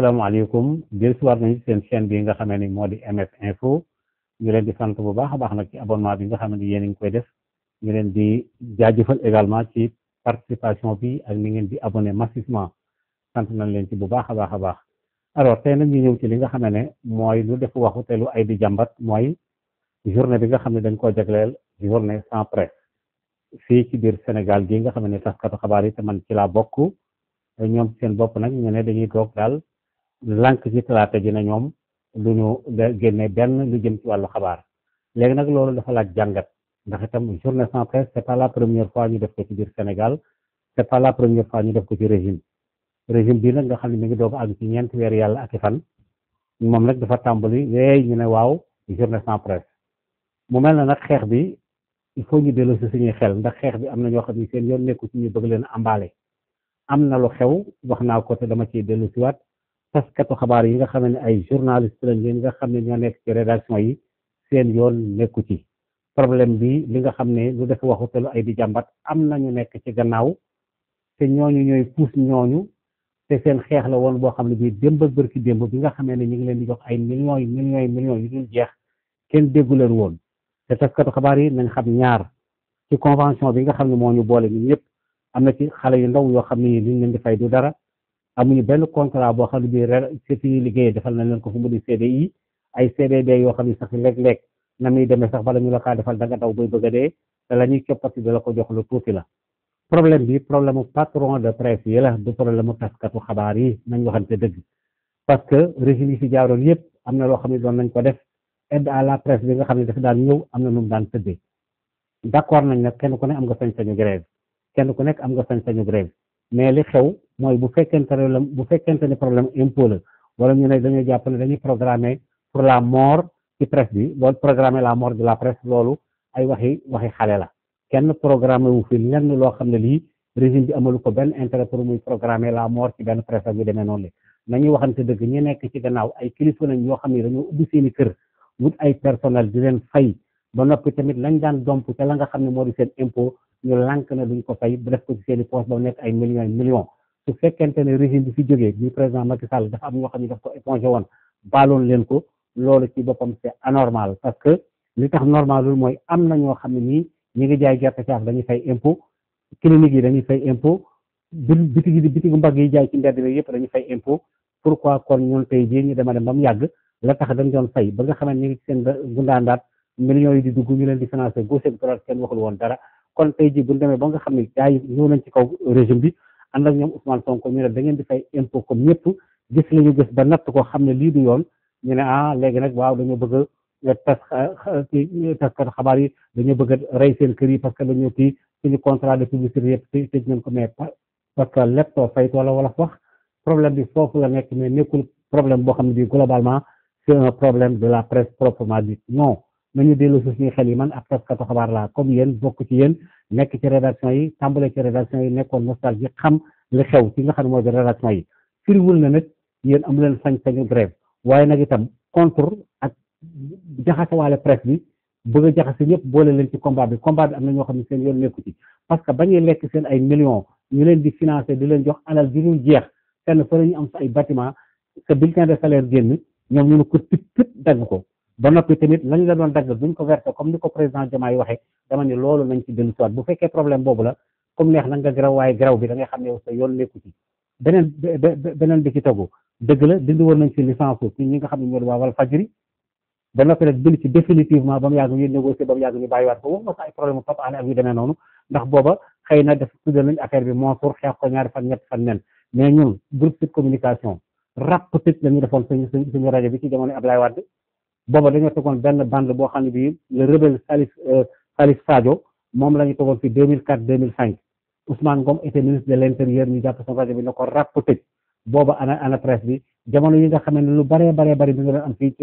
asalaamaaleykum jël si waat nañu seen chaîne bi nga xamee ni moo di MF info ñu leen di sant bu baax a baax nag ci abonnement bi nga xam ne yéen a koy def leen di jaajëfal également ci participation bi ak ni ngeen di abonné massivement sant nañ leen bu baax a baax a baax alors tey ñu ñëw ci li nga xam ne mooy lu def waxu te lu ay di jàmbat mooy journée bi nga xam ne dañ koo jagleel journée sans presse fii ci biir Sénégal gi nga xam ne taskatu xabaar yi te man ci laa bokk ñoom seen bopp nag ñu ne dañuy toog daal. lank ci talaata ji na ñoom du ñu génne benn lu jëm ci walu xabar légui nak loolu dafa laaj jangat ndax tam journée sans presse c'est pas la première fois ñu def ko ci bir Sénégal c'est pas la première fois ñu def ko ci régime régime bi nak nga xamni mi ngi doog ak ci ñent wër yalla ak fan mom nak dafa tambali yeey ñu ne waw journée sans presse mu mel na nak xex bi il faut ñu délo ci suñu xel ndax xex bi amna na ñoo xam seen yoon nekku ci ñu bëgg leen ambalé amna lu xew waxna ko te dama ci délo ci wat taskatu xabaar yi nga xam ne ay journaliste lañ leen nga xam ne ñoo nekk ci rédaction yi seen yoon nekku ci problème bi li nga xam ne lu def waxutalu ay bi jàmbat am na ñu nekk ci gannaaw te ñooñu ñooy puus ñooñu te seen xeex la woon boo xam ne bii démb ak bërki démb bi nga xamee ne ñu ngi leen di jox ay millions yi millions yi millions yu dul jeex kenn déggu leen woon te taskatu xabaar yi nañ xam ñaar ci convention bi nga xam ne moo ñu boole ñun ñëpp am na ci yu ndaw yoo xam ne liñ leen di fay du dara amuñu benn contrat boo xam ne bii ren ci suñuy liggéeyee defal nañ leen ko fu mu di CDI ay CDD yoo xam ne sax léeg-léeg na muy demee sax bala ñu la kaa defal da nga daw bay bëgg a dee te la ñuy coppati da la ko jox lu tuuti la problème bi problème patron de presse yi la du problème mu taskatu xabaar yi nañ waxante dëgg parce que régime yi fi jaaroon yëpp am na loo xam ne doon nañ ko def aide à la presse bi nga xam ne dafa daan ñëw am na nu mu daan tëddee d' accord kenn ku ne am nga kenn ku nekk am nga sañ mais li xew mooy bu fekkente ne bu fekkente ne problème impôt la wala ñu ne dañoo jàpp ne dañuy programmer pour la mort ci presse bi loolu programmer la mort de la presse loolu ay waxi waxi xale la kenn programme wu fi lenn loo xam ne lii régime bi amalu ko benn intérêt pour muy programmer la mort ci benn presse ak yu demee noonu la nañu waxante dëgg ñu nekk ci gannaaw ay kilifa lañ yoo xam ne dañoo ubbi seeni kër wut ay personnel di leen fay ba noppi tamit lañ daan domp xam ne moo di seen impôt ñu lànk na duñ ko fay bu def ko ci seen i ba mu nekk ay millions ay su fekkente ne régime bi fi jógee bi président Macky Sall dafa am ñoo xam ne daf ko épongé woon baaloon leen ko loolu ci boppam c'est anormal parce que li tax normalul mooy am na ñoo xam ne nii ñi ngi jaay gerte caaf dañuy fay impôt clinique yi dañuy fay impôt bitig yi bitigu mbagg yi jaay ci mbedd bi yëpp dañuy fay impôt pourquoi kon ñun tey jii ñu dema dem ba mu yàgg la tax dañ doon fay ba nga xamante ñu ngi ci seen gundaandaat millions yi di dugg ñu leen woon dara kon tey jii bu ñu demee ba nga xam ne gars yi ñëw nañ ci kaw régime bi ànd ak ñoom Ousmane Sonko ñu ne da ngeen di fay impôt comme ñëpp gis la gis ba natt ko xam ne lii du yoon ñu ne ah léegi nag waaw dañoo bëgg a tas taskat xabaar yi dañoo bëgg a rey seen kër yi parce que dañoo kii suñu contrat de publicité yëpp tëj nañ ko mais parce que lépp too fayt wala wala wax problème bi foofu la nekk mais nekkul problème boo xam ne bi globalement c'est un problème de nañu dellu si suñuy xel yi man ab taskatu xabaar laa comme yéen bokk ci yéen nekk ci rédaction yi tàmbale ci rédaction yi nekkoon nostalgie xam li xew ci nga xam ne mooy rédaction yi firiwul na nag yéen amu leen sañ-sañu waaye nag itam contre ak jaxasewaale presse bi bëgg a jaxase ñëpp boole leen ci combat bi combat bi am na ñoo xam ne seen yoon nekku ci parce que bañuy lekk seen ay millions ñu leen di financé di leen jox alal di ñu jeex fenn fa am ay bâtiment sa bulletin de salaire génn ñoom ñu ne ko ko ba noppi tamit lañ la doon dagg duñ ko versé comme ni ko président Diomaye waxee dama ne loolu nañ ci dellu siwaat bu fekkee problème boobu la comme neex na nga garaw waaye garaw bi da xam ne yoon nekku ci beneen bi ci tegu ba mu yàgg ñu négocier ba mu yàgg ñu bàyyiwaat ko waxuma sax ay problème Pape Alé ak yu demee noonu ndax booba xëy na def tuddal nañ affaire bi Mansour xeex ko ñaari fan ñett fan nen mais ñun groupe Sud booba dañoo tegoon benn bande boo xam ne bii le rebelle Salif euh, Salif moom la ñu tegoon fi 2004 2005 Ousmane Ngom était ministre de l' intérieur ñu jàpp sama rajo bi na ko ràpp tëj booba ana ana presse bi jamono yi nga xam ne lu baree baree bari bi nga doon am fii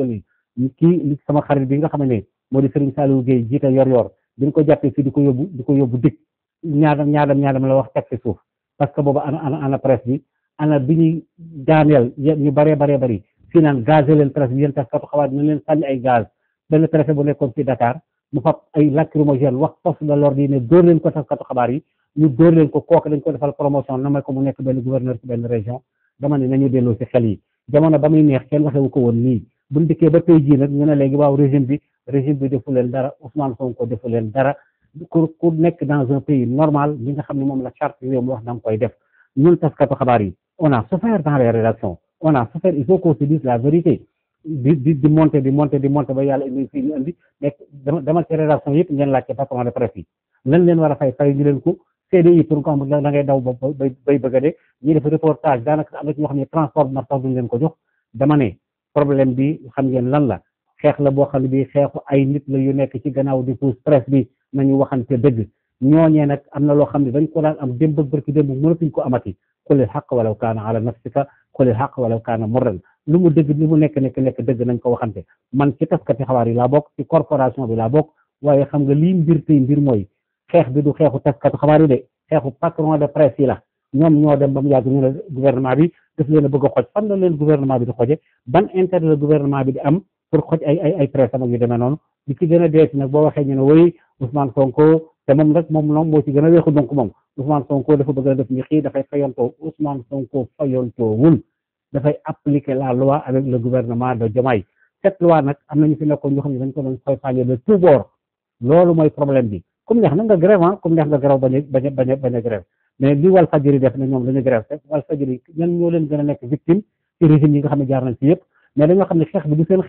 kii sama xarit bi nga xam ne moo di Serigne Saliou Gueye jiite yor-yor bi ñu ko jàppee fii di ko yóbbu di ko yóbbu dikk ñaadam ñaadam ñaadam la wax teg ci suuf parce que booba ana ana ana presse bi ana bi ñuy daaneel ñu baree baree bari. fii naan gazé leen presse bi yéen taskatu xabaar nañ leen sànni ay gaz benn préfet bu nekkoon ci Dakar mu fab ay lacrymogène wax force de l'ordre yi ne dóor leen ko taskatu xabaar yi ñu dóor leen ko kooku dañ ko defal promotion na may ko mu nekk benn gouverneur ci benn région dama ne nañu delloo ci xel yi jamono ba muy neex kenn waxewu ko woon nii buñ dikkee ba tey jii nag ñu ne léegi waaw régime bi régime bi defu leen dara Ousmane Sonko defu leen dara ku ku nekk dans un pays normal li nga xam ne moom la charte réew mi wax da nga koy def ñun taskatu xabaar yi on a souffert dans les rédactions on a souffert il faut qu'on se dise la vérité di di di monter di monter di monter ba yàlla indi fii ñu indi nekk dama dama ci rédaction yëpp ngeen laaj département de presse yi lan leen war a fay fay ñu leen ko CDI pour nga xam da ngay daw ba bay bay bëgg a dee ñuy def reportage daanaka am na ci ñoo xam ne transport mar sax duñ leen ko jox dama ne problème bi xam ngeen lan la xeex la boo xam ne bii xeexu ay nit la yu nekk ci gannaaw di pousse presse bi nañu waxante dëgg ñooñee nag am na loo xam ne dañ ko daan am démb bërki démb mënatuñ ko amati xulil xaq walaw kaana ala nafsika xulil xaq walaw kaana murran lu mu dëgg li mu nekk nekk nekk dëgg nañ ko waxante man ci taskati xabaar yi laa bokk ci corporation bi laa bokk waaye xam nga lii mbir tey mbir mooy xeex bi du xeexu taskati xabaar yi de xeexu patron de presse yi la ñoom ñoo dem ba mu yàgg ñu ne gouvernement bi daf leen a bëgg a xoj fan la leen gouvernement bi di xoje ban intérêt la gouvernement bi di am pour xoj ay ay ay presse am ak yu demee noonu li ci gën a deesi nag boo waxee ñu ne woy Ousmane Sonko te moom rek moom moom moo ci gën a weexu donc moom Ousmane Sonko dafa bëgg a def ni xii dafay fayontoo Ousmane Sonko fayontoowul dafay appliquer la loi avec le gouvernement de Diomaye cette loi nag am nañu fi nekkoon ñoo xam ne dañ ko doon koy fàññee de tout bord loolu mooy problème bi comme neex na nga grève ah comme neex nga grève bañ a bañ a bañ a mais li Walf Fadjri def na ñoom dañu grève te Walf Fadjri ñoo leen gën a nekk victime ci régime yi nga xam ne jaar nañ ci yëpp mais dañoo xam ne xeex bi du seen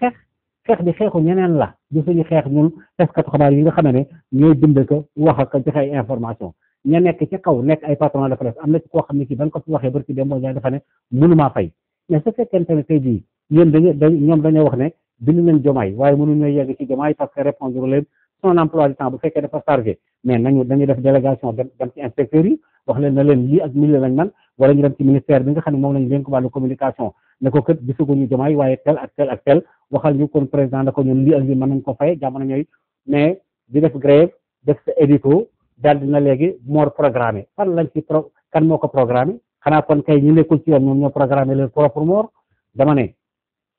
xeex bi xeexu ñeneen la du suñu xeex ñun taskatu xabaar yi nga xam ne ñooy bind wax ak joxe information ña nekk ci kaw nekk ay patron de presse am na ci koo xam ne ci ban ko fi waxee barki dem moo ñaa dafa ne mënumaa fay mais su fekkente ne tey jii ñoom dañoo wax ne bind nañ jomaay waaye mënuñu ñoo yegg ci jomaay parce répondre leen son emploi du temps bu fekkee dafa chargé mais nañu dañu def délégation dem dem ci inspecteurs yi wax leen na wala ñu dem ci ministère bi nga xam ne moom lañu dénk wàllu communication ne ko kët gisaguñu jamaay waaye tel ak tel ak tel waxal ñu kon président da ko ñun lii nañ ko fay jamono ñooy mais di def grève def sa édito daal dina léegi moor programmé fan lañ ci pro kan moo ko programmé xanaa kon kay ñu nekkul ci yoon ñoom ñoo programmé leen propre mort dama ne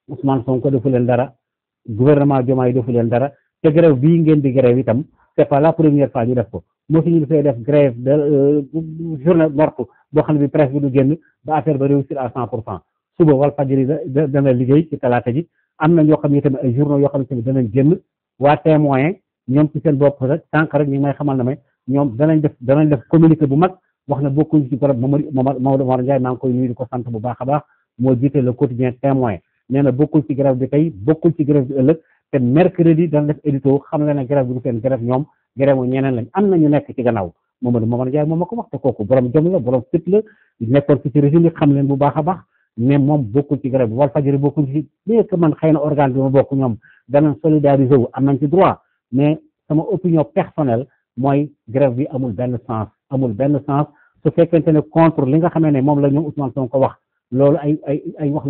Ousmane Sonko defu leen dara gouvernement Diomaye defu leen dara te grève bii ngeen di grève itam c'est pas la première fois ñu def ko mosuñu fee def grève de euh, journée morte boo xam ne bi presse bi du génn ba affaire ba réussir à cent pour cent suba Walfadjri dana liggéey ci talaata ji am na ñoo xam ne tamit ay journaux yoo xam ne tamit danañ génn waa témoin ñoom ci seen bopp rek sànq rek ñu may xamal na may ñoom danañ def danañ def communiqué bu mag wax na bokkuñ ci garab Mamadou Mamadou Mor Ndiaye maa ngi koy nuyu di ko sant bu baax a moo jiite te mercredi dana def édito xam le ne grève bi du seen grève ñoom grève am na ñu nekk ci gannaaw Mamadou Mamadou Ndiaye moom ma ko wax te kooku borom jom la borom fit la nekkoon ci ci régime yi xam leen bu baax a baax mais moom bokkul ci grève bi wal fajëri bokkul ci na organe bi ma bokk ñoom danañ solidariser wu am nañ mooy grève bi amul benn sens amul benn sens su fekkente ne contre li nga xamee ne moom la ñoom Ousmane Sonko ko wax loolu ay ay ay wax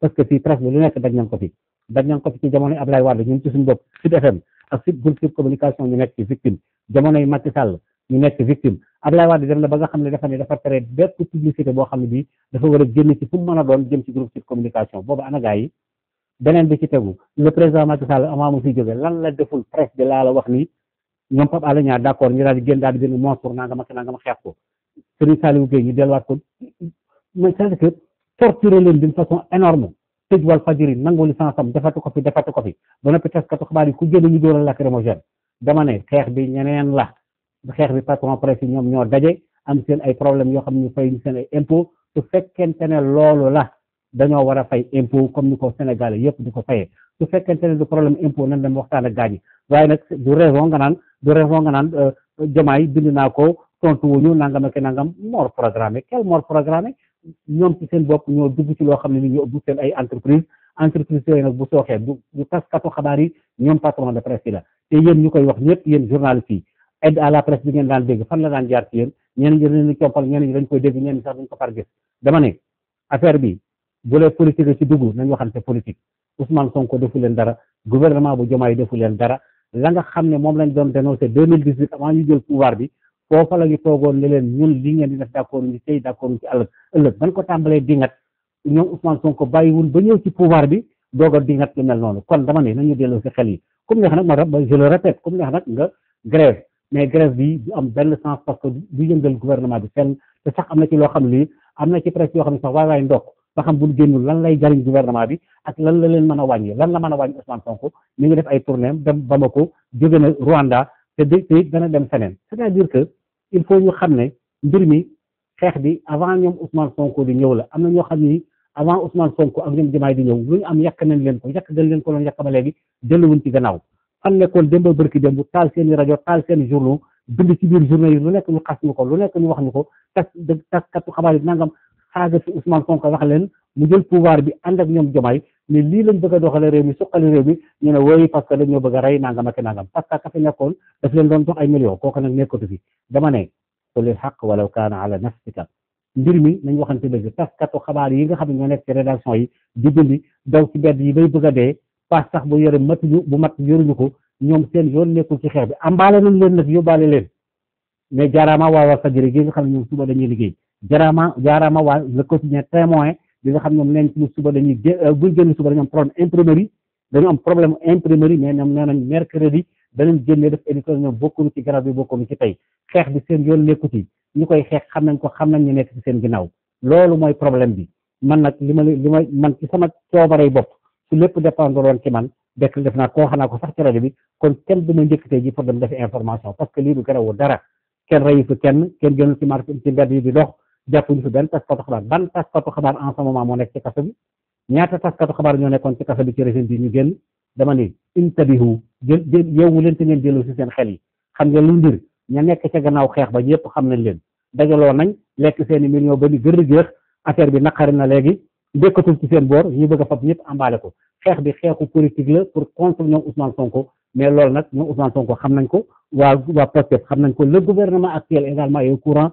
la que fii presque lu nekk daj nañ ko fi daj nañ ko fi ci jamonoy Ablaye Wade ñun ci suñu bopp Sud FM ak Sud groupe Sud communication ñu nekk ci victime jamonoy Macky Sall ñu nekk victime Ablaye Wade dem na ba nga xam ne dafa ne dafa tere bépp a génn ci fu mu doon jëm ci groupe Sud communication boobu ana gaa yi beneen bi ci tegu le président Macky Sall amaa mu fi jóge lan la deful presse bi laa la wax ni ñoom Pape Alé Niang d' ñu daal di génn daal di génn monstre nangam ak nangam xeex ko Serigne Saliou Gueye ñu delluwaat ko mais c'est que torturer leen d'une tëj wal fajiri nangu licence am defatu ko fi defatu ko fi ba noppi taskatu xabaar yi ku génn ñu dóoral lacrymogène dama ne xeex bi ñeneen la xeex bi patron presse yi ñoom ñoo daje am seen ay problème yoo xam ne fay seen ay impôt su fekkente ne loolu la dañoo war a fay impôt comme ni ko Sénégal yëpp di ko fayee su fekkente ne du problème impôt nan dem waxtaan ak gaañi waaye nag du raison nga naan du raison nga naan jamaay euh, bind naa ko tontu wuñu nangam ak nangam ñoom ci seen bopp ñoo dugg ci loo xam ne ni ñoo ubbi seen ay entreprise entreprise yooyu nag bu sooxee bu bu taskatu xabaar yi ñoom patron de presse yi la te yéen ñu koy wax ñëpp yéen journaliste yi aide à la presse bi ngeen daan dégg fan la daan jaar ci yéen ñeneen ñi dañ compal ñeneen ñi dañ koy dégg ñeneen ñi sax dañ ko far gis dama ne affaire bi bu lee politique ci dugg nañ waxante politique Ousmane Sonko defu leen dara gouvernement bu Diomaye defu leen dara la nga xam ne moom lañ doon dénoncé 2018 bi foofa la ñu toogoon ne leen ñun li ngeen di def d'accord ñu tey d'accord ci ëllëg ëllëg ban ko tàmbalee dingat ñoom Ousmane Sonko bàyyiwul ba ñëw ci pouvoir bi doog a dingat lu mel noonu kon dama ne nañu delloo si xel yi comme neex nag ma rab je le répète comme nag nga grève mais grève bi du am benn sens parce que du yëngal gouvernement bi fenn te sax am na ci loo xam lii am na ci presse yoo xam ne sax waay waay ndokk ba xam bu ñu génnul lan lay jariñ gouvernement bi ak lan la leen mën a wàññi lan la a il faut ñu xam ne mbir mi xeex bi avant ñoom Ousmane Sonko di ñëw la am na ñoo xam ni avant Ousmane Sonko ak ñoom Diomaye di ñëw lu ñu am yàq nañ leen ko yàq dañ leen ko doon yàq ba léegi delluwuñ ci gannaaw fan nekkoon démb bërki démb taal seen i rajo taal seen i journaux bind ci biir journaux yi lu nekk ñu xas ñu ko lu nekk ñu wax ñu ko tas taskatu xabaar yi nangam saaga si Ousmane Sonko wax leen mu jël pouvoir bi ànd ak ñoom jomaay ne lii lañ bëgg a doxale réew mi suqali réew mi ne wooyu parce dañoo bëgg a rey nangam ak nangam parce que ka fi nekkoon dama ne qulil xaq walaw kaana ala nafsika mbir mi nañ waxante dëgg taskatu xabaar yi nga xam ne ñoo nekk ci rédaction yi di bindi daw ci bedd yi bay bëgg a dee paas sax bu yore matuñu bu mat yoruñu ko ñoom seen yoon nekkul ci xeex bi ambaale nañ leen nag yóbbaale leen mais jaaraama waa Walfadjri gi nga xam ne ñoom suba dañuy liggéey jaaraama jaaraama waa le quotidien témoin bi nga xam ñoom neen ci suba dañuy euh, buñ génn suba dañu am problème imprimerie dañu am problème imprimerie mais ñoom nee nañ mercredi danañ def édition ñoom bokkunu ci garab yi bokkunu ci tey xeex bi seen yoon nekku ci ñu koy xeex xam nañ ko xam nañ ñu nekk ci seen ginnaaw loolu mooy problème bi man nag li ma li ma man ci sama coobarey bopp su lépp dépendre woon ci man dekk def naa koo xanaa ko sax ci rajo bi kon kenn duma njëkk tey ji pour dem defi information parce que lii du garawu dara kenn jàppuñu fi benn taskatu xabaar ban taskatu xabaar en ce moment moo nekk ci kaso bi ñaata taskatu xabaar ñoo nekkoon ci kaso bi ci régime bi ñu génn dama ni intabihu jël leen te ngeen jëloo si seen xel yi xam nga lu ndir ña nekk ca gannaaw xeex ba ñëpp xam nañ leen dajaloo nañ lekk seen i million ba ni gërë géex affaire bi naqari na léegi dékkatul ci seen boor ñu bëgg a fab ñëpp ambaale ko xeex bi xeexu politique la pour contre ñoom Ousmane Sonko ko waa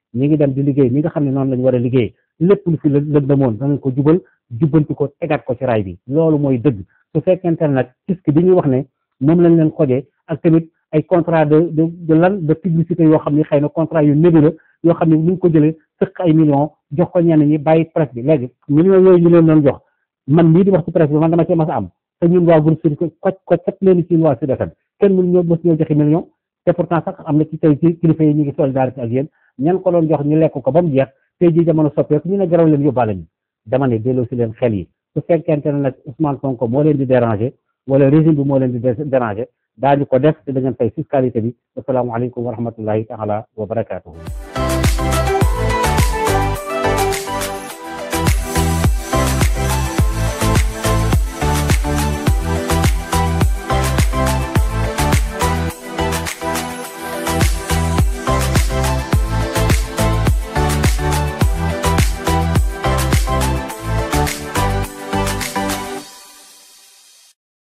ñi ngi dem di liggéey ñi nga xam ne noonu lañu war a liggéey lépp lu fi lëndëmoon da nga ko jubal jubbanti ko tegaat ko ci raay bi loolu mooy dëgg su fekkente ne nag fisc bi ñuy wax ne moom lañ leen xojee ak tamit ay contrat de de de lan de publicité yoo xam ne xëy na contrat yu nébuleux yoo xam ne bu ñu ko jëlee sëq ay millions jox ko ñenn ñi bàyyi presse bi léegi millions yooyu ñu leen doon jox man lii di wax ci presse bi man dama cee mas a am te ñun te pourtant sax am na ci tey ci kilifa yi ñu ngi solidarité ak yéen ñan ko doon jox ñu lekk ko ba mu jeex tey ji jamono soppeeku ñu ne na leen yóbbaale ñu dama ne delloo si leen xel yi su fekkente ne nag Ousmane Sonko moo leen di déranger wala régime bi moo leen di déranger daañu ko def te da ngeen fay fiscalité bi asalaamaaleykum wa rahmatullahi taala wa barakaatuhu